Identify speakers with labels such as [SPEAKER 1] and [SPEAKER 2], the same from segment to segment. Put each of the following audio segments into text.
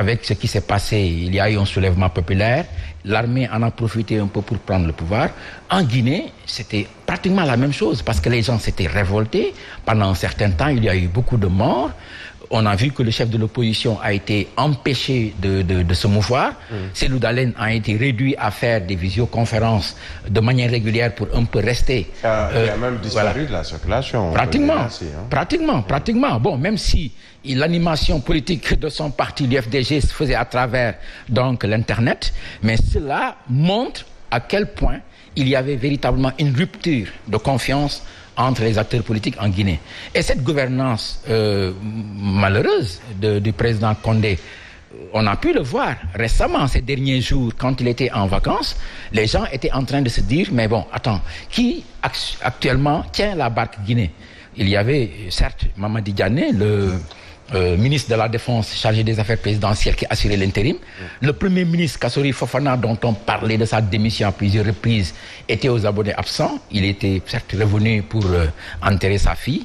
[SPEAKER 1] avec ce qui s'est passé, il y a eu un soulèvement populaire. L'armée en a profité un peu pour prendre le pouvoir. En Guinée, c'était pratiquement la même chose parce que les gens s'étaient révoltés. Pendant un certain temps, il y a eu beaucoup de morts. On a vu que le chef de l'opposition a été empêché de, de, de se mouvoir. Mm. Cellou Dalein a été réduit à faire des visioconférences de manière régulière pour un peu rester. Ah, euh, il a même disparu voilà.
[SPEAKER 2] de la circulation. Pratiquement, ainsi, hein.
[SPEAKER 1] pratiquement, mm. pratiquement. Bon, même si l'animation politique de son parti, l'UFDG, se faisait à travers donc l'Internet, mais cela montre à quel point il y avait véritablement une rupture de confiance entre les acteurs politiques en Guinée. Et cette gouvernance euh, malheureuse de, du président Condé, euh, on a pu le voir récemment, ces derniers jours, quand il était en vacances, les gens étaient en train de se dire, mais bon, attends, qui actuellement tient la barque Guinée Il y avait certes Mamadi Diané, le... Euh, ministre de la Défense chargé des affaires présidentielles qui assurait l'intérim. Mmh. Le premier ministre Kassori Fofana, dont on parlait de sa démission à plusieurs reprises, était aux abonnés absents. Il était certes revenu pour euh, enterrer sa fille.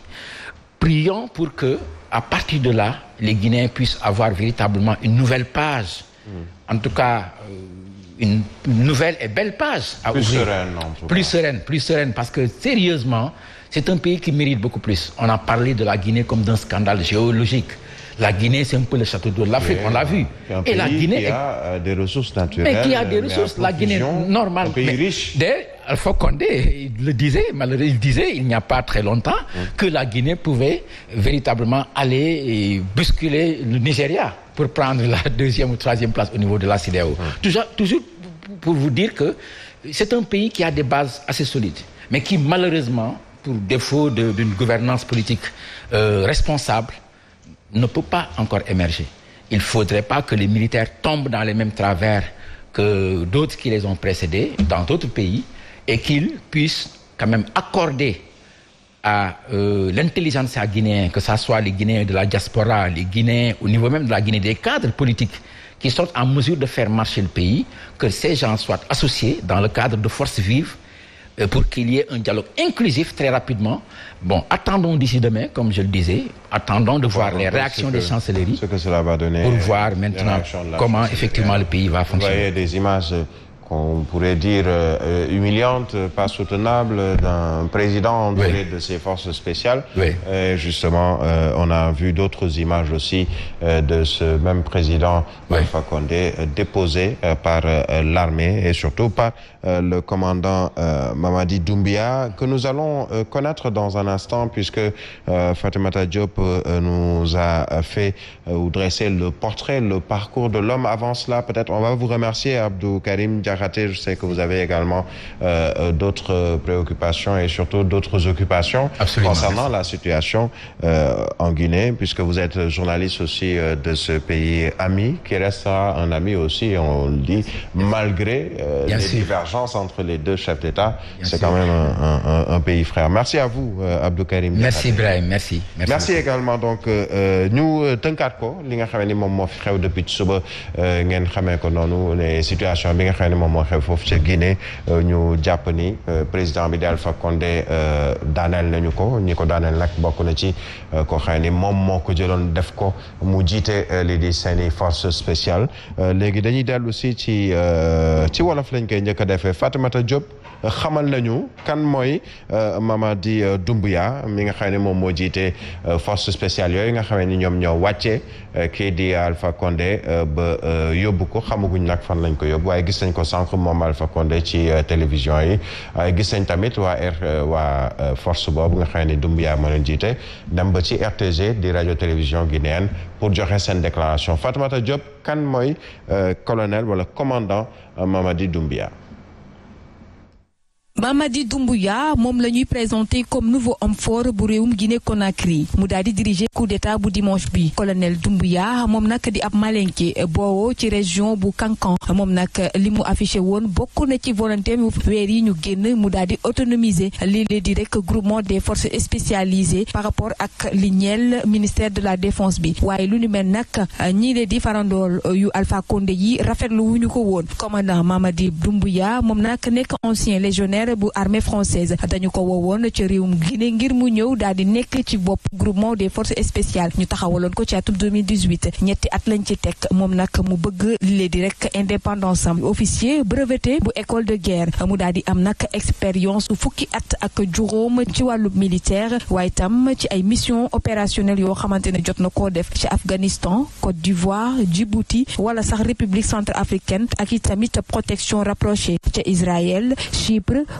[SPEAKER 1] Prions pour que, à partir de là, les Guinéens puissent avoir véritablement une nouvelle page. Mmh. En tout cas, euh, une nouvelle et belle page à plus ouvrir. Sereine, plus sereine, plus sereine, parce que sérieusement, C'est un pays qui mérite beaucoup plus. On a parlé de la Guinée comme d'un scandale géologique. La Guinée, c'est un pays qui a euh, des ressources naturelles. Mais qui a des euh, ressources. La Guinée, normale. Un pays mais, riche. le disait, il n'y a pas très longtemps que la Guinée pouvait véritablement aller bousculer le Nigeria pour prendre la deuxième ou troisième place au niveau de la CEDEAO. Mm. Toujours, pour vous dire que c'est un pays qui a des bases assez solides, mais qui malheureusement pour défaut d'une gouvernance politique euh, responsable, ne peut pas encore émerger. Il ne faudrait pas que les militaires tombent dans les mêmes travers que d'autres qui les ont précédés dans d'autres pays et qu'ils puissent quand même accorder à euh, l'intelligence guinéenne, que ce soit les Guinéens de la diaspora, les Guinéens au niveau même de la Guinée, des cadres politiques qui sont en mesure de faire marcher le pays, que ces gens soient associés dans le cadre de forces Euh, pour qu'il y ait un dialogue inclusif très rapidement. Bon, attendons d'ici demain, comme je le disais, attendons de voir les réactions que, des chancelleries. Ce que cela va donner. Pour voir maintenant comment effectivement le pays
[SPEAKER 2] va fonctionner. Vous voyez des images. qu'on pourrait dire euh, humiliante, pas soutenable, d'un président en oui. de ses forces spéciales. Oui. Et justement, euh, on a vu d'autres images aussi euh, de ce même président oui. Alpha Condé euh, déposé euh, par euh, l'armée et surtout par le commandant Mamadi Doumbia, que nous allons connaître dans un instant puisque Fatimata Diop nous a fait ou dressé le portrait, le parcours de l'homme. Avant cela, peut-être on va vous remercier, Abdou Karim Diak Diakhaté, je sais que vous avez également euh, euh d'autres euh, préoccupations et surtout d'autres occupations Absolument. concernant la situation euh, en Guinée, puisque vous êtes journaliste aussi euh, de ce pays ami, qui restera un ami aussi, on le dit, malgré euh, les sûr. divergences entre les deux chefs d'État. C'est quand même un, un, un, pays frère. Merci à vous, Abdou Karim. Merci, Ibrahim. Merci. Merci, merci également. Donc, ñu tënkaat ko li nga xam ne moom moo fi xew depuis suba ngeen xamee ko noonu ne situation bi nga xam ne moom moo xew foofu ca Guinée euh, ñu jàpp ni euh, président bi di Alpha Condé euh, daaneel nañu ko ñi ko daaneel nag bokk na ci koo xam ni moom moo ko jëloon def ko mu jiite lii di seeni force spéciale léegi dañuy dellu si ci ci wolof lañ koy njëkk a defee Fatimata Diop xamal nañu kan mooy euh, Mamadi euh, Doumbouya mi nga xam ne moom moo jiite euh, force spéciale yooyu nga xam ne ñoom ñoo wàccee kii di Alpha Condé ba yóbbu ko xamaguñ nag fan lañ ko yóbbu waaye gis nañ ko sànq moom Alpha Condé ci télévision yi gis nañ tamit waa R waa force boobu nga xam ni Doumbouya moo leen jiite dem ba ci RTG di radio télévision guinéenne pour joxe seen déclaration Fatoumata Diop kan mooy colonel wala commandant Mamadi Doumbouya
[SPEAKER 3] Mamadi Doumbouya moom la ñuy présenté comme nouveau homme fort bu réewum Guinée Conakry mu daal di diriger coup d'état bu dimanche bi colonel Doumbouya moom nag di ab malinke boowoo ci région bu Kankan moom nag li mu affiché woon bokk na ci volonté yi ñu génn mu daal di autonomiser lii lee di rek groupement des forces spécialisées par rapport ak li ñeel ministère de la défense bi waaye lu nu mel nag ñi lee di farandool yu Alpha Condé yi rafetlu ko woon commandant Mamadi Doumbouya moom nag nekk ancien légionnaire militaire bu armée française dañu ko woowoon ca réewum Guinée ngir mu ñëw daal di nekk ci bopp groupement des forces spéciales ñu taxawaloon ko ci atum 2018 ñetti at lañ ci teg moom nag mu bëgg lile di rek indépendance am officier breveté bu école de guerre mu daal di am nag expérience fukki at ak juróom ci wàllu militaire waaye tam ci ay mission opérationnelle yoo xamante ne jot na koo def ci Afghanistan Côte d'Ivoire Djibouti wala sax République centrafricaine ak i tamit protection rapprochée ca Israël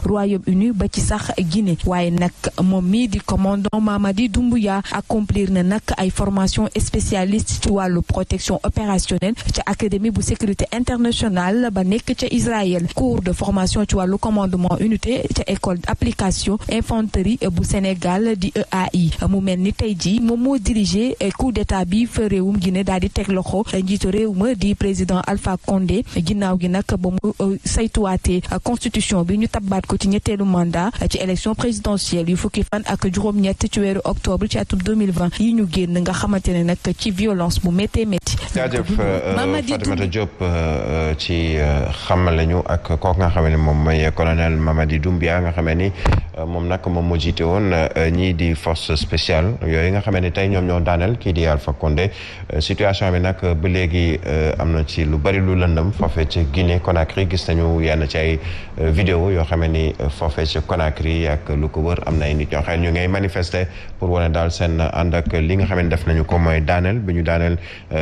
[SPEAKER 3] Royaume-Uni ba ci sax Guinée waaye nag moom mii di commandant Mamadi Doumbouya accomplir na nag ay formation spécialiste ci wàllu protection opérationnelle ca académie bu sécurité internationale ba nekk ca Israël cours de formation ci wàllu commandement unité ca école d'application infanterie bu Sénégal di EAI mu mel ni tey jii moom moo dirigé coup d'état bi fa réewum Guinée daal di teg loxo njiitu réew ma di président Alpha Condé ginnaaw gi nag ba mu euh, saytuwaatee constitution bi ñu tabbaat sàkku ci ñetteelu mandat ci élection présidentielle yu fukki fan ak juróom-ñett ci weeru octobre ci atum 2020 yi ñu génn nga xamante ne nag ci violence bu méttee méttee
[SPEAKER 2] jaajëf euh, euh, Fatoumata Diop euh, ci xam xamal lañu ak kooku nga xam ne moom mooy colonel Mamadi Doumbia nga xam ni moom nag moom moo jiite woon ñii di force spéciale yooyu nga xam ne tey ñoom ñoo daaneel kii di Alpha Condé situation bi nag ba léegi am na ci lu bari lu lëndëm foofee ci Guinée Conakry gis nañu yenn ci ay vidéo yoo xam ni foofee ci Conakry ak lu ko wër am na ay nit ñoo xam ñu ngay manifester pour wane daal seen ànd ak li nga xam ne def nañu ko mooy daaneel bi ñu daaneel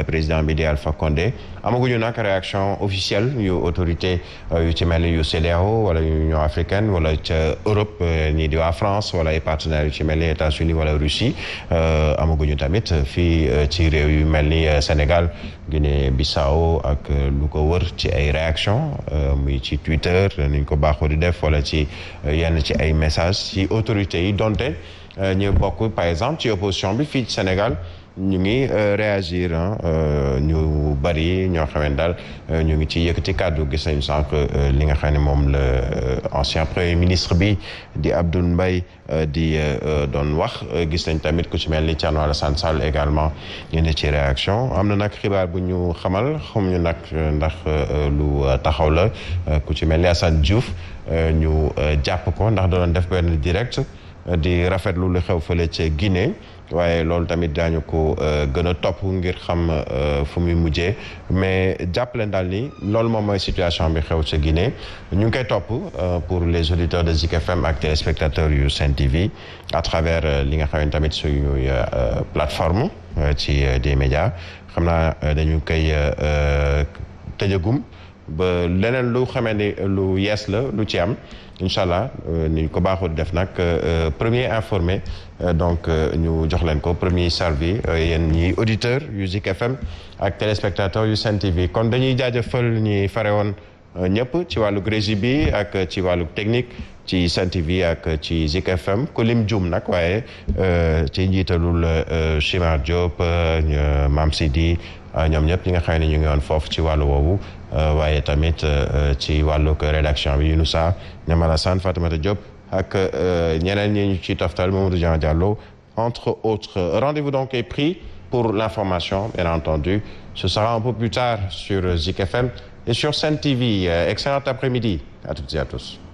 [SPEAKER 2] président. bi di Alpha Condé amaguñu nag réaction officielle yu autorité euh, yu ci mel ni yu CEDEAO wala Union africaine wala ca Europe euh, ñii di waa France wala ay partenaires yu ci mel ni États-Unis wala Russie euh, amaguñu tamit fii ci réew yu mel ni Sénégal Guinée Bissau ak lu ko wër ci ay réaction muy ci Twitter niñ ko baaxoo di def wala ci yenn ci ay messages ci autorités yi donte ñu bokk par exemple ci opposition bi fii ci Sénégal ñu ngi euh, réagir euh, ñu bari ñoo xam daal euh, ñu ngi ci yëkkati kàddu gis nañu sànq li nga xam ne moom la ancien premier ministre bi di Abdoul Mbaye di doon wax gis nañ tamit ku ci mel ni Thierno Alassane Sall également ñu ne ci réaction am na nag xibaar bu ñu xamal xam ñu nag ndax lu taxaw la ku ci mel ni Assane Diouf ñu jàpp ko ndax doon def benn direct. di rafetlu lu xew fële ca Guinée waaye loolu tamit daañu ko euh, gën a topp ngir xam euh, fu muy mujjee mais jàppale daal ni loolu moom mooy situation bi xew ca Guinée ñu ngi koy topp euh, pour les auditeurs de Zik FM ak téléspectateurs yu Sen TV à travers li nga xam ne tamit suñuy plateforme ci des médias xam naa dañu koy tëjagum ba leneen lu xamee ni lu yees la lu ci am incha allah euh, ni ñu ko baaxoo def nag euh, euh, premier informé donc ñu jox leen ko premier servi yéen ñi auditeurs yu Zik FM ak téléspectateurs yu Sen TV kon dañuy jaajëfal ñi fare woon ñëpp ci wàllu régie bi ak ci wàllu technique ci Sen TV ak ci Zik FM ku lim jum nag waaye ci njiitalul Chimar Diop Mame Sidi Euh, ñoom ñëpp ñi nga xam ne ñu ngi woon foofu ci wàllu woowu euh, waaye tamit euh, ci wàllug rédaction bi Yunusa Niamala Sane Fatimata Diop ak ñeneen ñi ñu ci toftal Mamadou Jean Diallo entre autres rendez-vous donc est pris pour l'information bien entendu ce sera un peu plus tard sur Zik FM et sur Sen TV excellent après-midi à toutes et à